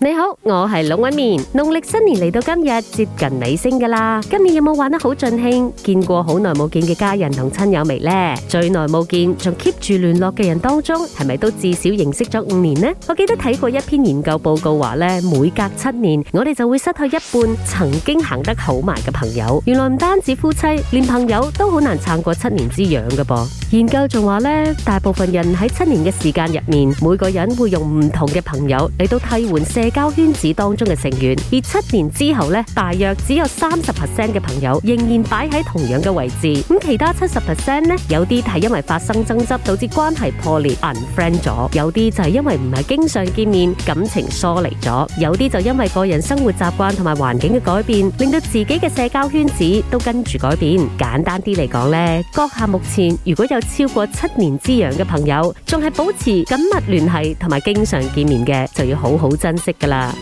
你好，我係龍紋敏。農曆新年嚟到今日，接近尾聲噶啦。今年有冇玩得好盡興？見過好耐冇見嘅家人同親友未呢？最耐冇見，仲 keep 住聯絡嘅人當中，係咪都至少認識咗五年呢？我記得睇過一篇研究報告話呢，每隔七年，我哋就會失去一半曾經行得好埋嘅朋友。原來唔單止夫妻，連朋友都好難撐過七年之癢噶噃。研究仲話呢，大部分人喺七年嘅時間入面，每個人會用唔同嘅朋友嚟到替換些社交圈子當中嘅成員，而七年之後呢，大約只有三十 percent 嘅朋友仍然擺喺同樣嘅位置。咁其他七十 percent 呢，有啲係因為發生爭執導致關係破裂，unfriend 咗；有啲就係因為唔係經常見面，感情疏離咗；有啲就因為個人生活習慣同埋環境嘅改變，令到自己嘅社交圈子都跟住改變。簡單啲嚟講呢，閣下目前如果有超過七年之癢嘅朋友，仲係保持緊密聯繫同埋經常見面嘅，就要好好珍惜。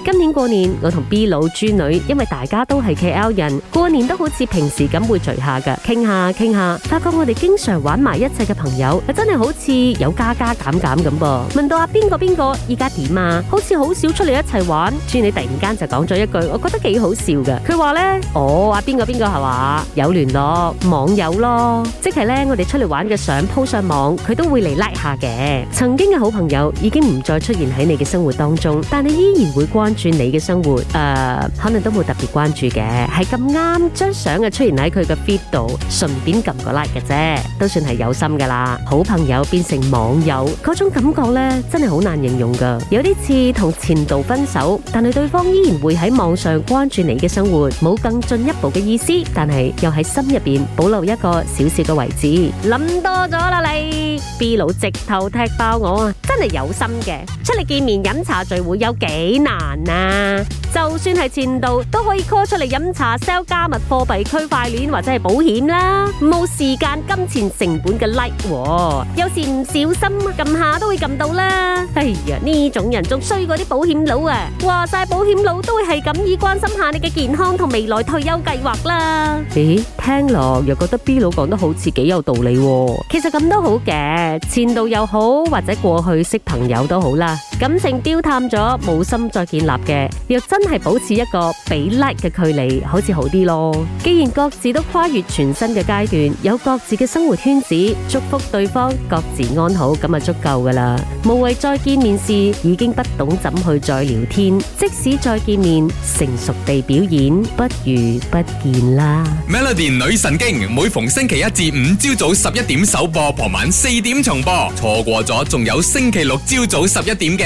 今年過年我同 B 佬、豬女，因為大家都係 K L 人，過年都好似平時咁會聚下噶，傾下傾下，發覺我哋經常玩埋一齊嘅朋友，又真係好似有加加減減咁噃。問到阿、啊、邊個邊個依家點啊，好似好少出嚟一齊玩。豬女突然間就講咗一句，我覺得幾好笑噶。佢話呢：「哦，阿、啊、邊個邊個係話、啊、有聯絡網友咯，即係呢，我哋出嚟玩嘅相 po 上網，佢都會嚟 like 下嘅。曾經嘅好朋友已經唔再出現喺你嘅生活當中，但你依然。唔會關注你嘅生活，誒，可能都冇特別關注嘅，係咁啱張相嘅出現喺佢嘅 feed 度，順便撳個 like 嘅啫，都算係有心噶啦。好朋友變成網友，嗰種感覺咧，真係好難形容噶。有啲似同前度分手，但係對方依然會喺網上關注你嘅生活，冇更進一步嘅意思，但係又喺心入邊保留一個小小嘅位置。諗多咗啦，你 B 佬直頭踢爆我啊！真係有心嘅，出嚟見面飲茶聚會有幾？難啊！就算係前度都可以 call 出嚟飲茶，sell 加密貨幣、區塊鏈或者係保險啦。冇時間、金錢、成本嘅 like，啊，有時唔小心撳下都會撳到啦。哎呀，呢種人仲衰過啲保險佬啊！話晒保險佬都會係咁以關心下你嘅健康同未來退休計劃啦。咦，欸，聽落又覺得 B 佬講得好似幾有道理，啊。其實咁都好嘅，前度又好，或者過去識朋友都好啦。感情凋淡咗，冇心再建立嘅，又真係保持一個比較好嘅距離，好似好啲咯。既然各自都跨越全新嘅階段，有各自嘅生活圈子，祝福對方各自安好，咁就足夠㗎啦。無謂再見面時，已經不懂怎去再聊天，即使再見面，成熟地表演，不如不見啦。Melody 女神經，每逢星期一至五朝早十一點首播，傍晚四點重播，錯過咗仲有星期六朝早十一點嘅。